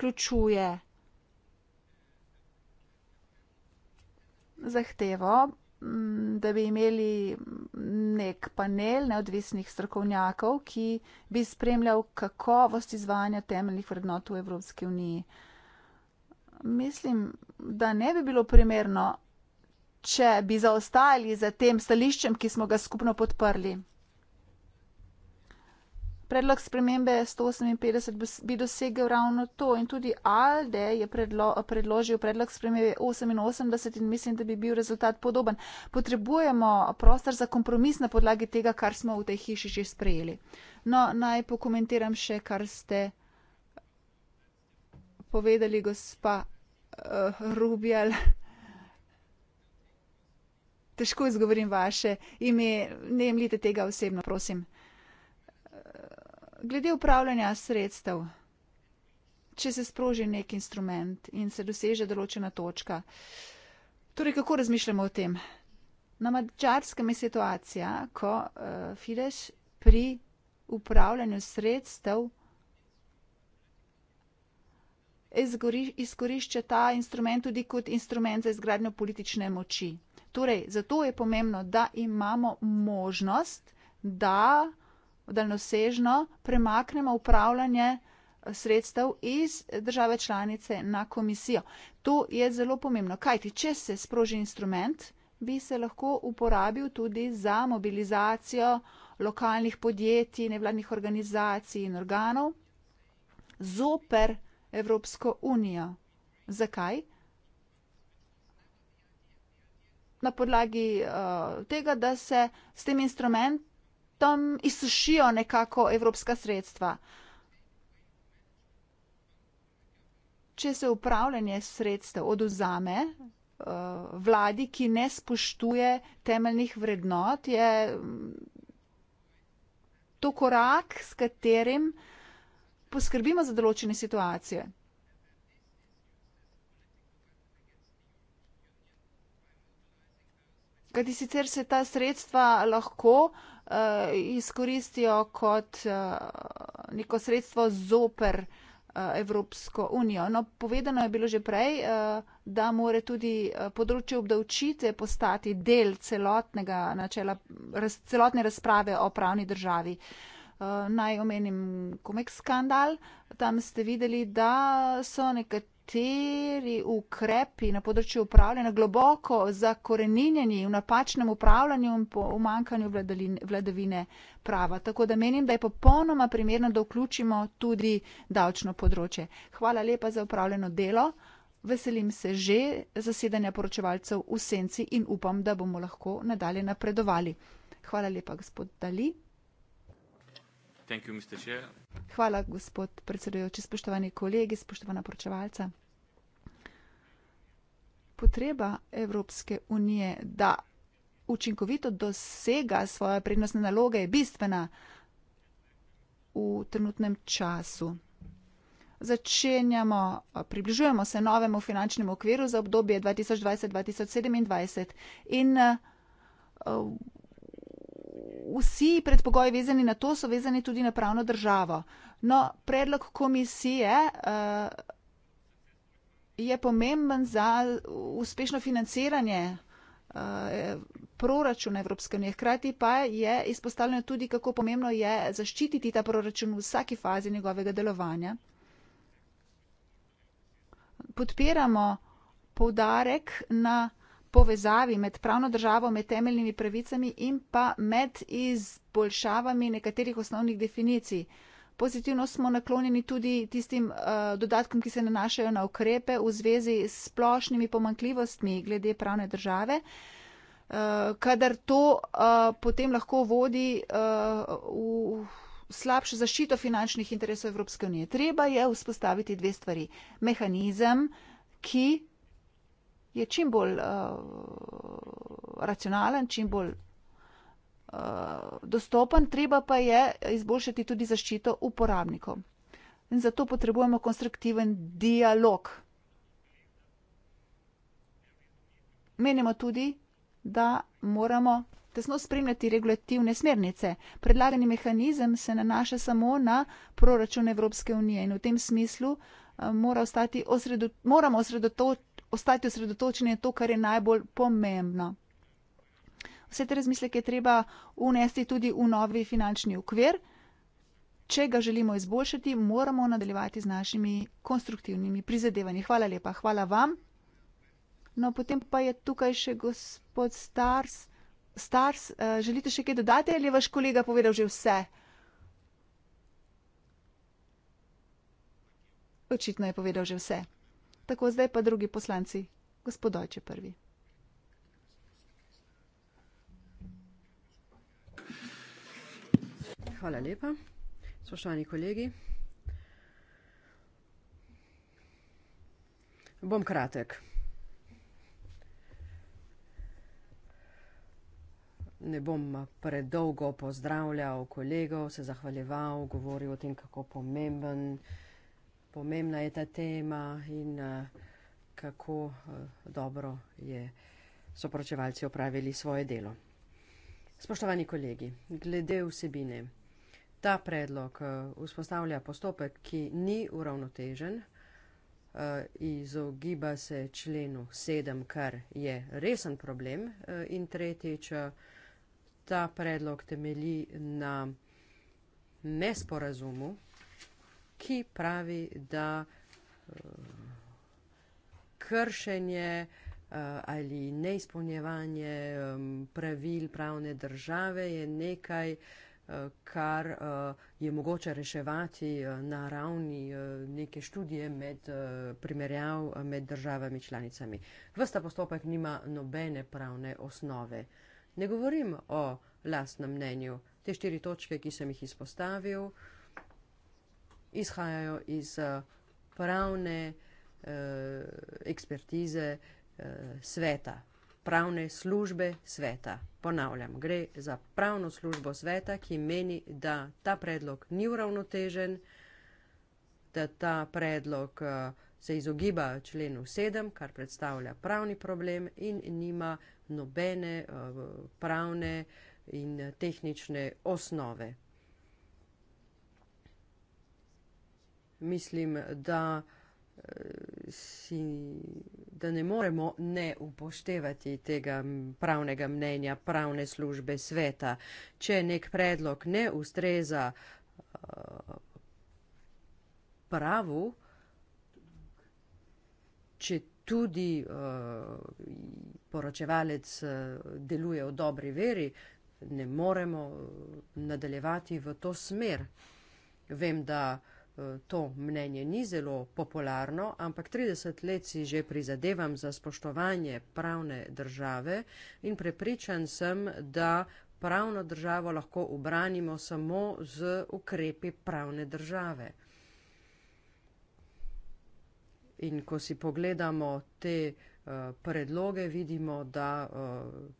vključuje zahtevo, mm, da bi imeli nek panel neodvisnih strokovnjakov, ki bi spremljal kakovost izvajanja temeljnih vrednot v Evropski uniji. Mislim, da ne bi bilo primerno, če bi zaostajali za tem stališčem, ki smo ga skupno podprli. Predlog spremembe 158 bi dosegel ravno to in tudi Alde je predlo, predložil predlog spremembe 88 in mislim, da bi bil rezultat podoben. Potrebujemo prostor za kompromis na podlagi tega, kar smo v tej hiši že sprejeli. No, naj pokomentiram še, kar ste eh, povedali, gospa uh, Rubjal. Težko izgovorim vaše ime, ne imljite tega osebno, prosim glede upravljanja sredstev, če se sproži nek instrument in se doseže določena točka. Torej, kako razmišljamo o tem? Na mačarskem je situacija, ko uh, Fidesz pri upravljanju sredstev izgori, izkorišča ta instrument tudi kot instrument za izgradnjo politične moči. Torej, zato je pomembno, da imamo možnost, da daljnosežno premaknemo upravljanje eh, sredstev iz države članice na komisijo. To je zelo pomembno, kajti če se sproži instrument, bi se lahko uporabil tudi za mobilizacijo lokalnih podjetij, nevladnih organizacij in organov zoper Evropsko unijo. Zakaj? Na podlagi uh, tega, da se s tem instrument, tam izsušijo nekako evropska sredstva. Če se upravljanje sredstev oduzame eh, vladi, ki ne spoštuje temeljnih vrednot, je mm, to korak, s katerim poskrbimo za določene situacije. Kajti sicer se ta sredstva lahko Eh, izkoristijo kot eh, neko sredstvo zoper eh, Evropsko unijo. No, povedano je bilo že prej, da more tudi področje obdavčite postati del celotnega načela, celotne razprave o pravni državi. Naj omenim komek skandal. Tam ste videli, da so nekateri nekateri ukrepi na področju upravljanja globoko zakoreninjeni v napačnem upravljanju in po umankanju vladavine prava. Tako da menim, da je popolnoma primerno, da vključimo tudi davčno področje. Hvala lepa za upravljeno delo. Veselim se že zasedanja poročevalcev v senci in upam, da bomo lahko nadalje napredovali. Hvala lepa, gospod Dali. Hvala, gospod predsedujoči, spoštovani kolegi, spoštovana poročevalca potreba Evropske unije, da učinkovito dosega svoje prednostne naloge, je bistvena v trenutnem času. Začenjamo, približujemo se novemu finančnemu okviru za obdobje 2020-2027 in eh, vsi predpogoji vezani na to so vezani tudi na pravno državo. No, predlog komisije. Uh, je pomemben za uspešno financiranje eh, proračun Evropske unije. Hkrati pa je izpostavljeno tudi, kako pomembno je zaščititi ta proračun v vsaki fazi njegovega delovanja. Podpiramo povdarek na povezavi med pravno državo, med temeljnimi pravicami in pa med izboljšavami nekaterih osnovnih definicij pozitivno smo naklonjeni tudi tistim uh, dodatkom, ki se nanašajo na ukrepe v zvezi s splošnimi pomankljivostmi glede pravne države. Uh, kadar to uh, potem lahko vodi uh, v slabšo zaščito finančnih interesov Evropske unije. Treba je vzpostaviti dve stvari. Mehanizem, ki je čim bolj uh, racionalen, čim bolj Eh, dostopen, treba pa je izboljšati tudi zaščito uporabnikov. In zato potrebujemo konstruktiven dialog. Menimo tudi, da moramo tesno spremljati regulativne smernice. Predlagani mehanizem se nanaša samo na proračun Evropske unije in v tem smislu eh, mora ostati osredo, moramo osredotočiti ostati osredotočeni na to, kar je najbolj pomembno vse te razmisleke treba unesti tudi v novi finančni ukvir. Če ga želimo izboljšati, moramo nadaljevati z našimi konstruktivnimi prizadevanji. Hvala lepa, hvala vam. No, potem pa je tukaj še gospod Stars. Stars, uh, želite še kaj dodati ali je vaš kolega povedal že vse? Očitno je povedal že vse. Tako zdaj pa drugi poslanci, gospod Oče prvi. hvala lepa. Spoštovani kolegi. Bom kratek. Ne bom predolgo pozdravljal kolegov, se zahvaljeval, govoril o tem, kako pomemben, pomembna je ta tema in kako dobro je soporočevalci opravili svoje delo. Spoštovani kolegi, glede vsebine. Ta predlog eh, vzpostavlja postopek, ki ni uravnotežen, eh, izogiba se členu sedem, kar je resen problem. Eh, in tretjič, ta predlog temelji na nesporazumu, ki pravi, da kršenje ali neizpolnjevanje pravil pravne države je nekaj, Eh, kar eh, je mogoče reševati eh, na ravni neke študije med primerjav med državami članicami. Vsta postopek nima nobene pravne osnove. Ne govorim o lastnem mnenju. Te štiri točke, ki sem jih izpostavil, izhajajo iz pravne ekspertize sveta, pravne službe sveta. Ponavljam, gre za pravno službo sveta, ki meni, da ta predlog ni uravnotežen, da ta predlog eh, se izogiba členu 7, kar predstavlja pravni problem in nima nobene eh, pravne in tehnične osnove. Mislim, da si, da ne moremo ne upoštevati tega pravnega mnenja pravne službe sveta. Če nek predlog ne ustreza eh, pravu, če tudi eh, poročevalec eh, deluje v dobri veri, ne moremo nadaljevati v to smer. Vem, da Eh, to mnenje ni zelo popularno, ampak 30 let si že prizadevam za spoštovanje pravne države in prepričan sem, da pravno državo lahko obranimo samo z ukrepi pravne države. In ko si pogledamo te uh, predloge, vidimo, da uh,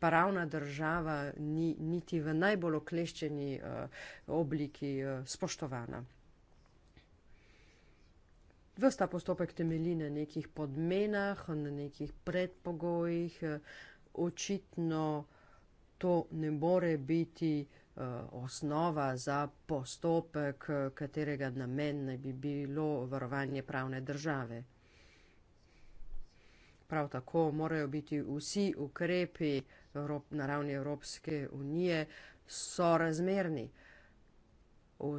pravna država ni niti v najbolj okleščeni eh, obliki eh, spoštovana. Ves ta postopek temelji na nekih podmenah, na nekih predpogojih. Eh, očitno to ne more biti osnova za postopek, katerega namen naj bi bilo varovanje pravne države. Prav tako morajo biti vsi ukrepi Evrop, na ravni Evropske unije so razmerni.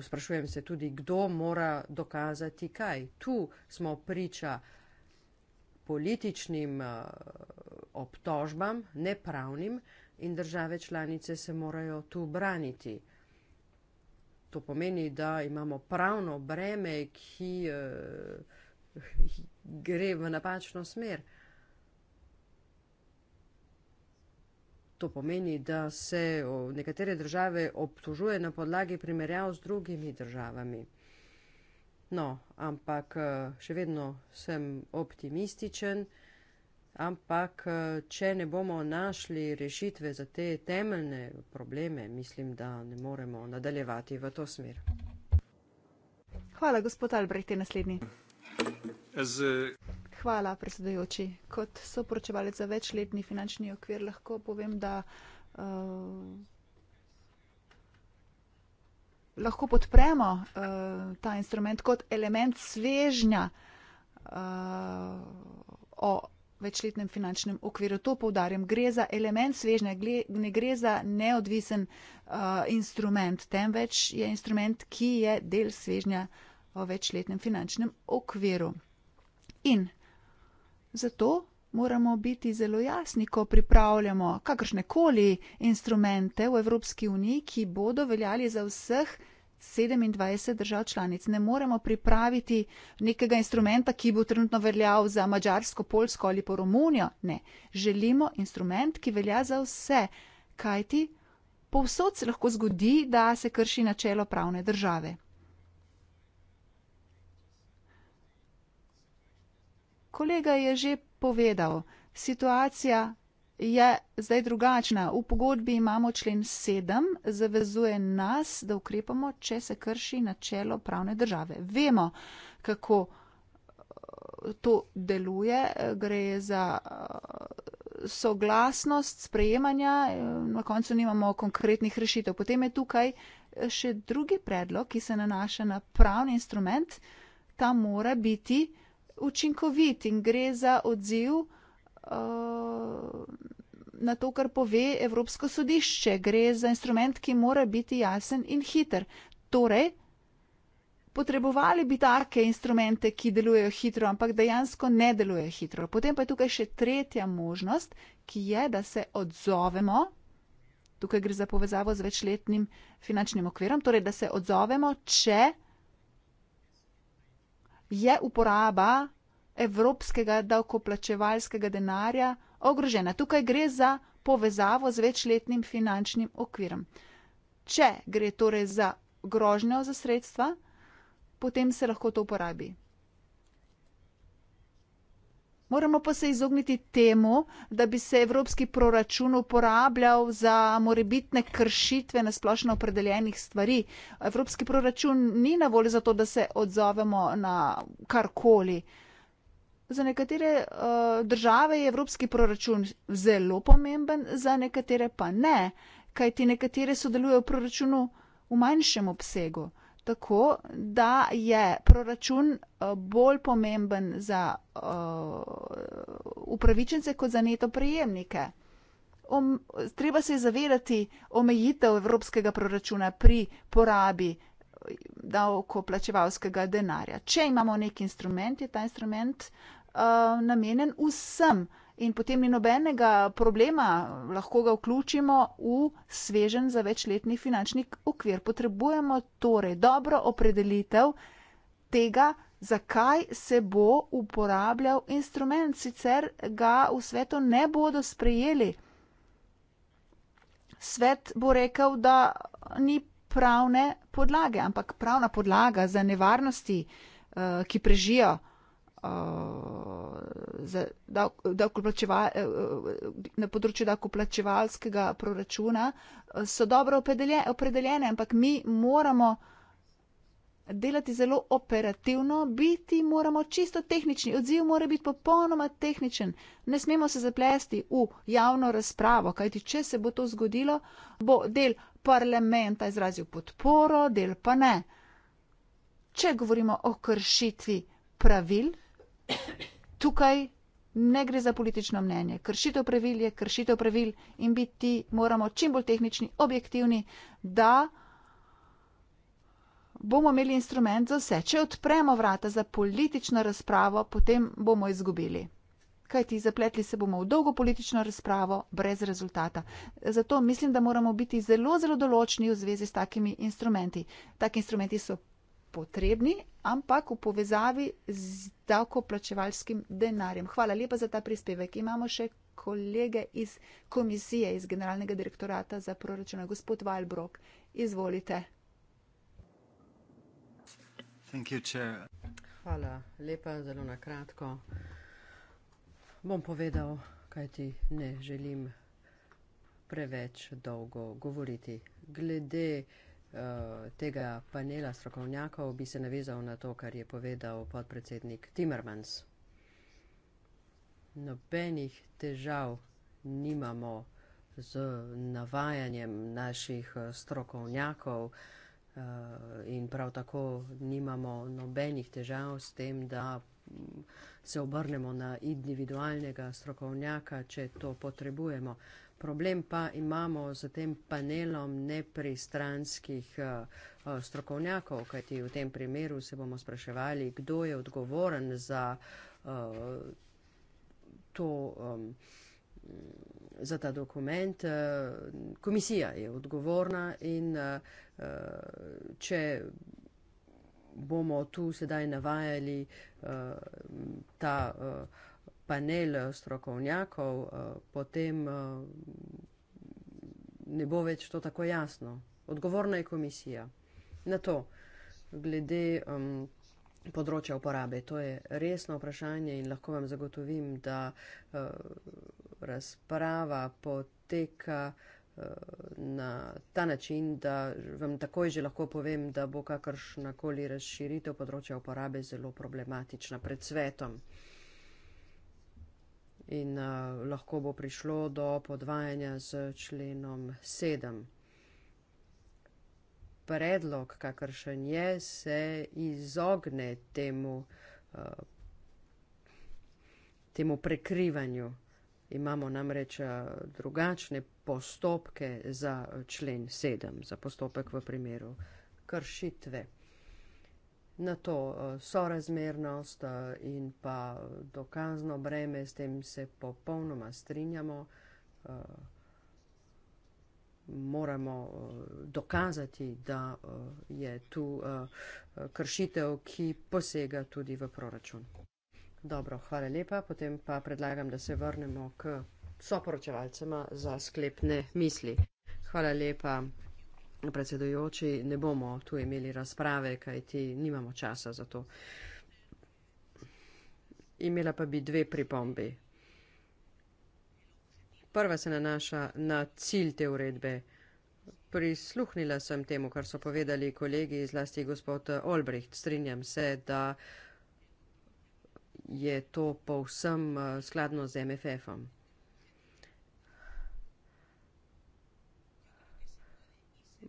Sprašujem se tudi, kdo mora dokazati kaj. Tu smo priča političnim obtožbam, nepravnim in države članice se morajo tu braniti. To pomeni, da imamo pravno breme, ki eh, gre v napačno smer. To pomeni, da se nekatere države obtožuje na podlagi primerjav z drugimi državami. No, ampak e, še vedno sem optimističen, ampak e, če ne bomo našli rešitve za te temeljne probleme, mislim, da ne moremo nadaljevati v to smer. Hvala, gospod Albrecht, te naslednji. As a e, Hvala, predsedujoči. Kot soporočevalec za večletni finančni okvir lahko povem, da uh, lahko podpremo uh, ta instrument kot element svežnja uh, o večletnem finančnem okviru. To povdarjam, gre za element svežnja, ne gre za neodvisen uh, instrument, temveč je instrument, ki je del svežnja o večletnem finančnem okviru. In Zato moramo biti zelo jasni, ko pripravljamo kakršnekoli instrumente v Evropski uniji, ki bodo veljali za vseh 27 držav članic. Ne moremo pripraviti nekega instrumenta, ki bo trenutno veljal za Mačarsko, Polsko ali po Romunijo. Ne, želimo instrument, ki velja za vse. Kajti povsod se lahko zgodi, da se krši načelo pravne države. kolega je že povedal, situacija je zdaj drugačna. V pogodbi imamo člen 7, zavezuje nas, da ukrepamo, če se krši načelo pravne države. Vemo, kako eh, to deluje. Eh, gre za eh, soglasnost sprejemanja, na koncu nimamo konkretnih rešitev. Potem je tukaj še drugi predlog, ki se nanaša na pravni instrument. Ta mora biti učinkovit in gre za odziv uh, na to, kar pove Evropsko sodišče. Gre za instrument, ki mora biti jasen in hiter. Torej, potrebovali bi take instrumente, ki delujejo hitro, ampak dejansko ne delujejo hitro. Potem pa je tukaj še tretja možnost, ki je, da se odzovemo. Tukaj gre za povezavo z večletnim finančnim okvirom, torej da se odzovemo, če je uporaba evropskega davkoplačevalskega denarja ogrožena. Tukaj gre za povezavo z večletnim finančnim okvirom. Če gre torej za grožnjo za sredstva, potem se lahko to uporabi. Moramo pa se izogniti temu, da bi se evropski proračun uporabljal za morebitne kršitve na splošno opredeljenih stvari. Evropski proračun ni na voljo za to, da se odzovemo na karkoli. Za nekatere uh, države je evropski proračun zelo pomemben, za nekatere pa ne, kajti nekatere sodelujejo v proračunu v manjšem obsegu. Uh, tako, da je proračun eh, bolj pomemben za uh, upravičence kot za neto prejemnike. Om, treba se zavedati omejitev evropskega proračuna pri porabi eh, davkoplačevalskega denarja. Če imamo nek instrument, je ta instrument uh, Eh, namenjen vsem. In potem ni nobenega problema, lahko ga vključimo v svežen za večletni finančni okvir. Potrebujemo torej dobro opredelitev tega, zakaj se bo uporabljal instrument, sicer ga v svetu ne bodo sprejeli. Svet bo rekel, da ni pravne podlage, ampak pravna podlaga za nevarnosti, eh, ki prežijo. Eh, za davkoplačeva, eh, eh, na področju davkoplačevalskega proračuna so dobro opredeljene, ampak mi moramo delati zelo operativno, biti moramo čisto tehnični, odziv mora biti popolnoma tehničen. Ne smemo se zaplesti v javno razpravo, kajti če se bo to zgodilo, bo del parlamenta izrazil podporo, del pa ne. Če govorimo o kršitvi pravil, tukaj ne gre za politično mnenje. Kršitev pravil je kršitev pravil in biti moramo čim bolj tehnični, objektivni, da bomo imeli instrument za vse. Če odpremo vrata za politično razpravo, potem bomo izgubili. Kaj ti zapletli se bomo v dolgo politično razpravo brez rezultata. Zato mislim, da moramo biti zelo, zelo določni v zvezi s takimi instrumenti. Taki instrumenti so potrebni, ampak v povezavi z davkoplačevalskim denarjem. Hvala lepa za ta prispevek. Imamo še kolege iz komisije, iz Generalnega direktorata za proračuna, gospod Valbrok. Izvolite. You, Hvala lepa, zelo na kratko. Bom povedal, kaj ti ne želim preveč dolgo govoriti. Glede Eh, tega panela strokovnjakov bi se navezal na to, kar je povedal podpredsednik Timmermans. Nobenih težav nimamo z navajanjem naših eh, strokovnjakov eh, in prav tako nimamo nobenih težav s tem, da mm, se obrnemo na individualnega strokovnjaka, če to potrebujemo. Problem pa imamo z tem panelom nepristranskih eh, eh, strokovnjakov, kajti v tem primeru se bomo spraševali, kdo je odgovoren za eh, to. Za ta dokument. Komisija je odgovorna, in če bomo tu sedaj navajali ta panel eh, strokovnjakov, eh, potem eh, ne bo več to tako jasno. Odgovorna je komisija. Na to, glede um, področja uporabe, to je resno vprašanje in lahko vam zagotovim, da uh, razprava poteka uh, na ta način, da vam takoj že lahko povem, da bo kakršnakoli razširitev področja uporabe zelo problematična pred svetom in uh, lahko bo prišlo do podvajanja z členom 7. Predlog, kakršen je, se izogne temu, uh, temu prekrivanju. Imamo namreč eh, drugačne postopke za člen 7, za postopek v primeru kršitve na to eh, sorazmernost eh, in pa dokazno breme, s tem se popolnoma strinjamo. Eh, moramo dokazati, da je tu kršitev, ki posega tudi v proračun. Dobro, hvala lepa. Potem pa predlagam, da se vrnemo k soporočevalcema za sklepne misli. Hvala lepa predsedujoči, ne bomo tu imeli razprave, kajti nimamo časa za to. Imela pa bi dve pripombi. Prva se nanaša na cilj te uredbe. Prisluhnila sem temu, kar so povedali kolegi, zlasti gospod Olbricht. Strinjam se, da je to povsem eh, skladno z MFF-om.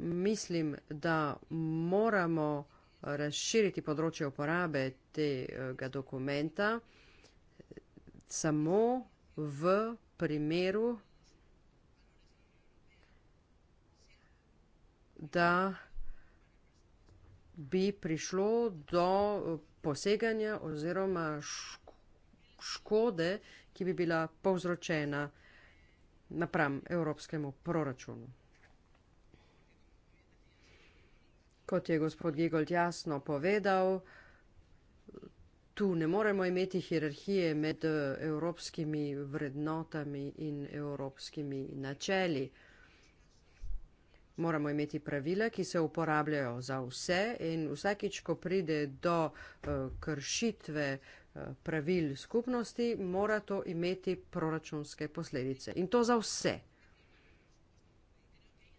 mislim, da moramo razširiti področje uporabe tega dokumenta samo v primeru, da bi prišlo do poseganja oziroma škode, ki bi bila povzročena napram evropskemu proračunu. Kot je gospod Gigold jasno povedal, tu ne moremo imeti hierarhije med eh, evropskimi vrednotami in evropskimi načeli. Moramo imeti pravile, ki se uporabljajo za vse in vsakič, ko pride do eh, kršitve eh, pravil skupnosti, mora to imeti proračunske posledice. In to za vse.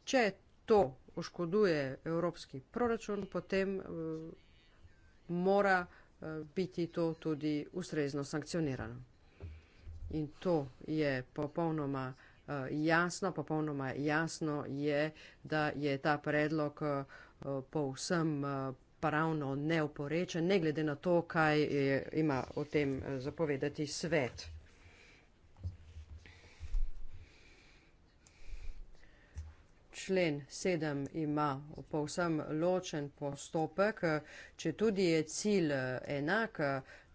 Če to oškoduje evropski proračun, potem eh, mora eh, biti to tudi ustrezno sankcionirano. In to je popolnoma eh, jasno, popolnoma jasno je, da je ta predlog povsem pravno neoporečen, ne glede na to, kaj ima o tem zapovedati svet. člen sedem ima povsem ločen postopek, če tudi je cilj eh, enak,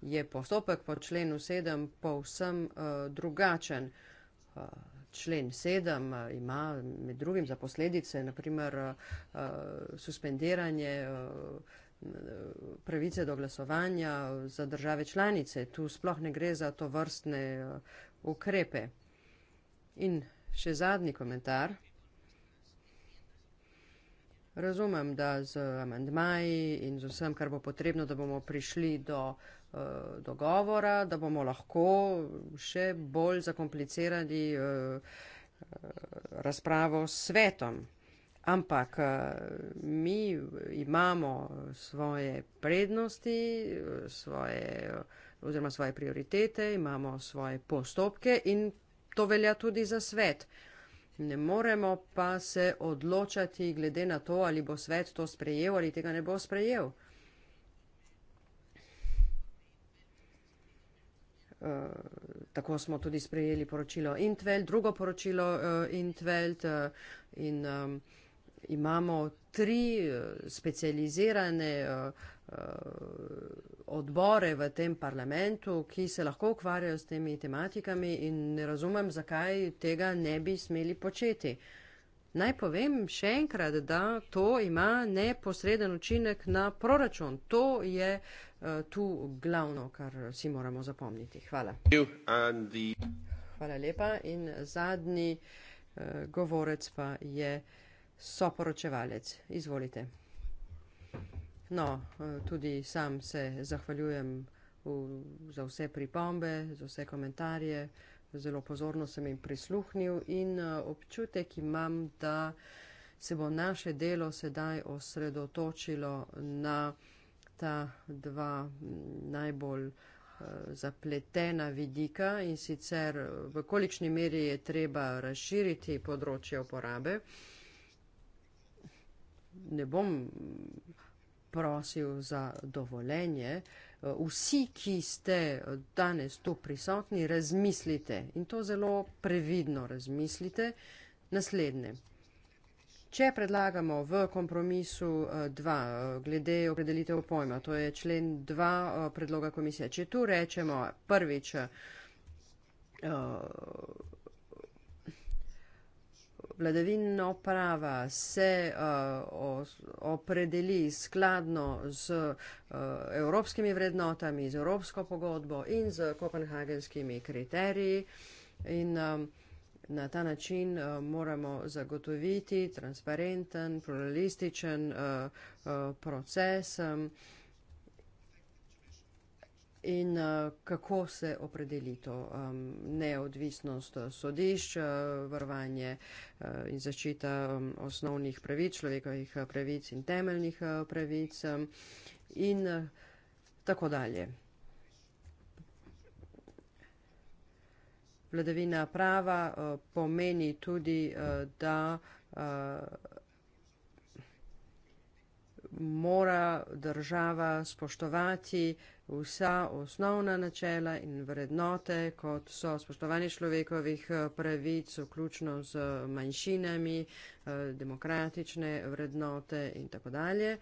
je postopek po členu sedem povsem eh, drugačen. Eh, člen sedem ima med drugim za posledice, naprimer suspendiranje pravice do glasovanja za države članice. Tu sploh ne gre za to vrstne ukrepe. In še zadnji komentar. Razumem, da z amendmaji in z vsem, kar bo potrebno, da bomo prišli do eh, dogovora, da bomo lahko še bolj zakomplicirali eh, eh, razpravo s svetom. Ampak mi imamo svoje prednosti, svoje, oziroma svoje prioritete, imamo svoje postopke in to velja tudi za svet. Ne moremo pa se odločati glede na to, ali bo svet to sprejel ali tega ne bo sprejel. Uh, tako smo tudi sprejeli poročilo Intveld, drugo poročilo uh, Intveld uh, in um, imamo tri uh, specializirane uh, Eh, odbore v tem parlamentu, ki se lahko ukvarjajo s temi tematikami in ne razumem, zakaj tega ne bi smeli početi. Naj povem še enkrat, da to ima neposreden učinek na proračun. To je uh, tu glavno, kar si moramo zapomniti. Hvala. The... Hvala lepa in zadnji uh, govorec pa je soporočevalec. Izvolite. No, eh, tudi sam se zahvaljujem v, za vse pripombe, za vse komentarje. Zelo pozorno sem jim prisluhnil in eh, občutek imam, da se bo naše delo sedaj osredotočilo na ta dva mm, najbolj eh, zapletena vidika in sicer v kolikšni meri je treba razširiti področje uporabe. Ne bom prosil za dovoljenje. Eh, vsi, ki ste danes tu prisotni, razmislite in to zelo previdno razmislite. Naslednje. Če predlagamo v kompromisu 2 eh, eh, glede opredelitev pojma, to je člen 2 predloga komisije, če tu rečemo prvič, vladavino prava se uh, opredeli skladno z uh, evropskimi vrednotami, z evropsko pogodbo in z kopenhagenskimi kriteriji. In, um, Na ta način uh, moramo zagotoviti transparenten, pluralističen uh, uh, proces. Um, uh, In eh, kako se opredeli to um, neodvisnost eh, sodišč, eh, varovanje uh, in zaščita um, osnovnih pravic, človekovih pravic in temeljnih uh, pravic um, in uh, tako dalje. Vladavina prava uh, pomeni tudi, uh, da uh, mora država spoštovati vsa osnovna načela in vrednote, kot so spoštovanje človekovih eh, pravic, vključno z manjšinami, eh, demokratične vrednote in tako dalje.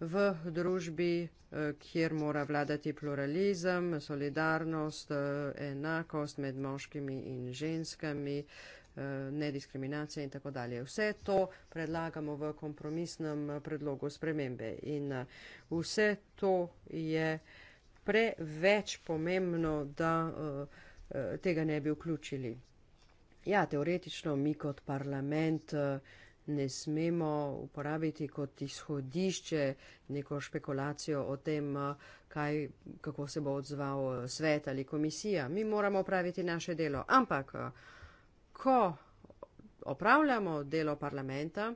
V družbi, eh, kjer mora vladati pluralizem, solidarnost, enakost med moškimi in ženskami, Eh, nediskriminacije in tako dalje. Vse to predlagamo v kompromisnem predlogu spremembe in eh, vse to je preveč pomembno, da eh, tega ne bi vključili. Ja, teoretično mi kot parlament ne smemo uporabiti kot izhodišče neko špekulacijo o tem, kaj, kako se bo odzval svet ali komisija. Mi moramo opraviti naše delo. Ampak ko opravljamo delo parlamenta,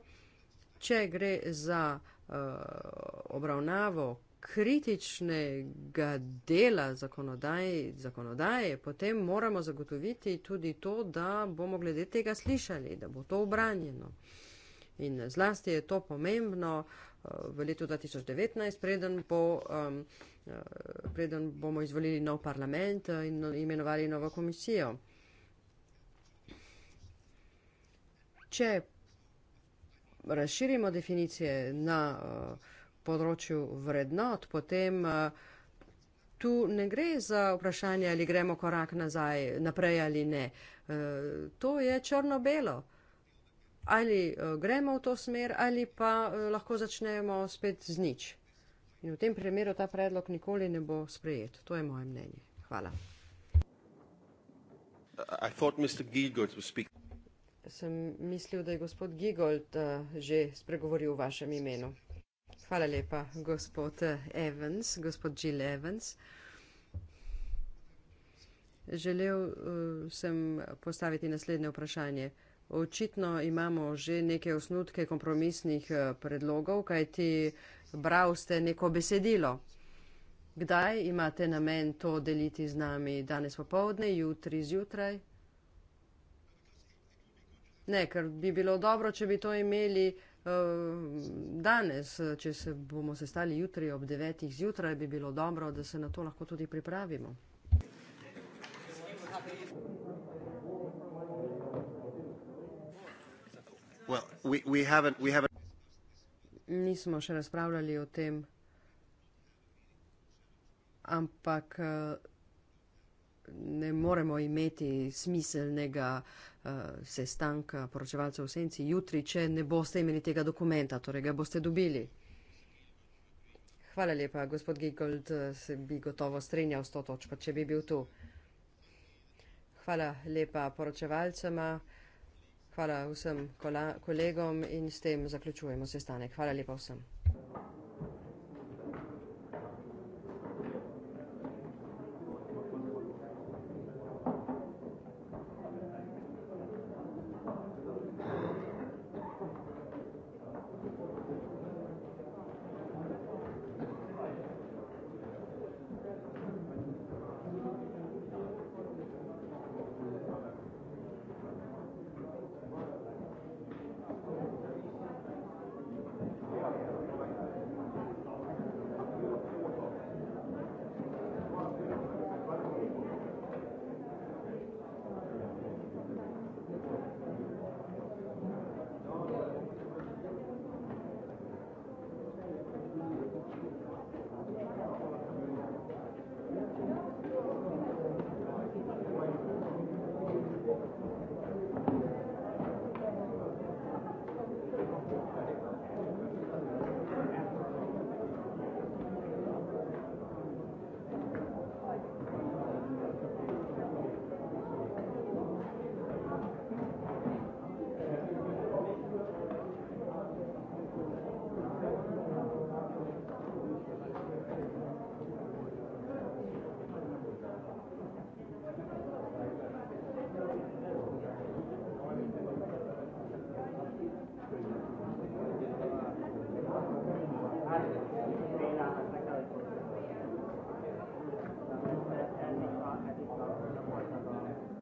če gre za uh, obravnavo kritičnega dela zakonodaje, zakonodaje, potem moramo zagotoviti tudi to, da bomo glede tega slišali, da bo to obranjeno. In zlasti je to pomembno eh, v letu 2019, preden, bo, um, preden bomo izvolili nov parlament in imenovali novo komisijo. če razširimo definicije na uh, področju vrednot, potem uh, tu ne gre za vprašanje, ali gremo korak nazaj, naprej ali ne. Uh, to je črno-belo. Ali uh, gremo v to smer, ali pa uh, lahko začnemo spet z nič. In v tem primeru ta predlog nikoli ne bo sprejet. To je moje mnenje. Hvala. I thought Mr. Gilgert was speaking sem mislil, da je gospod Gigold eh, že spregovoril v vašem imenu. Hvala lepa, gospod eh, Evans, gospod Jill Evans. Želel eh, sem postaviti naslednje vprašanje. Očitno imamo že neke osnutke kompromisnih predlogov, kajti bral ste neko besedilo. Kdaj imate namen to deliti z nami? Danes popovdne, jutri zjutraj? Ne, ker bi bilo dobro, če bi to imeli uh, danes, če se bomo sestali jutri ob devetih zjutraj, bi bilo dobro, da se na to lahko tudi pripravimo. Well, we, we haven't, we haven't. Nismo še razpravljali o tem, ampak. Uh, ne moremo imeti smiselnega uh, sestanka poročevalcev v senci jutri, če ne boste imeli tega dokumenta, torej ga boste dobili. Hvala lepa, gospod Gigold, eh, se bi gotovo strinjal s to točko, če bi bil tu. Hvala lepa poročevalcema, hvala vsem kolegom in s tem zaključujemo sestanek. Hvala lepa vsem.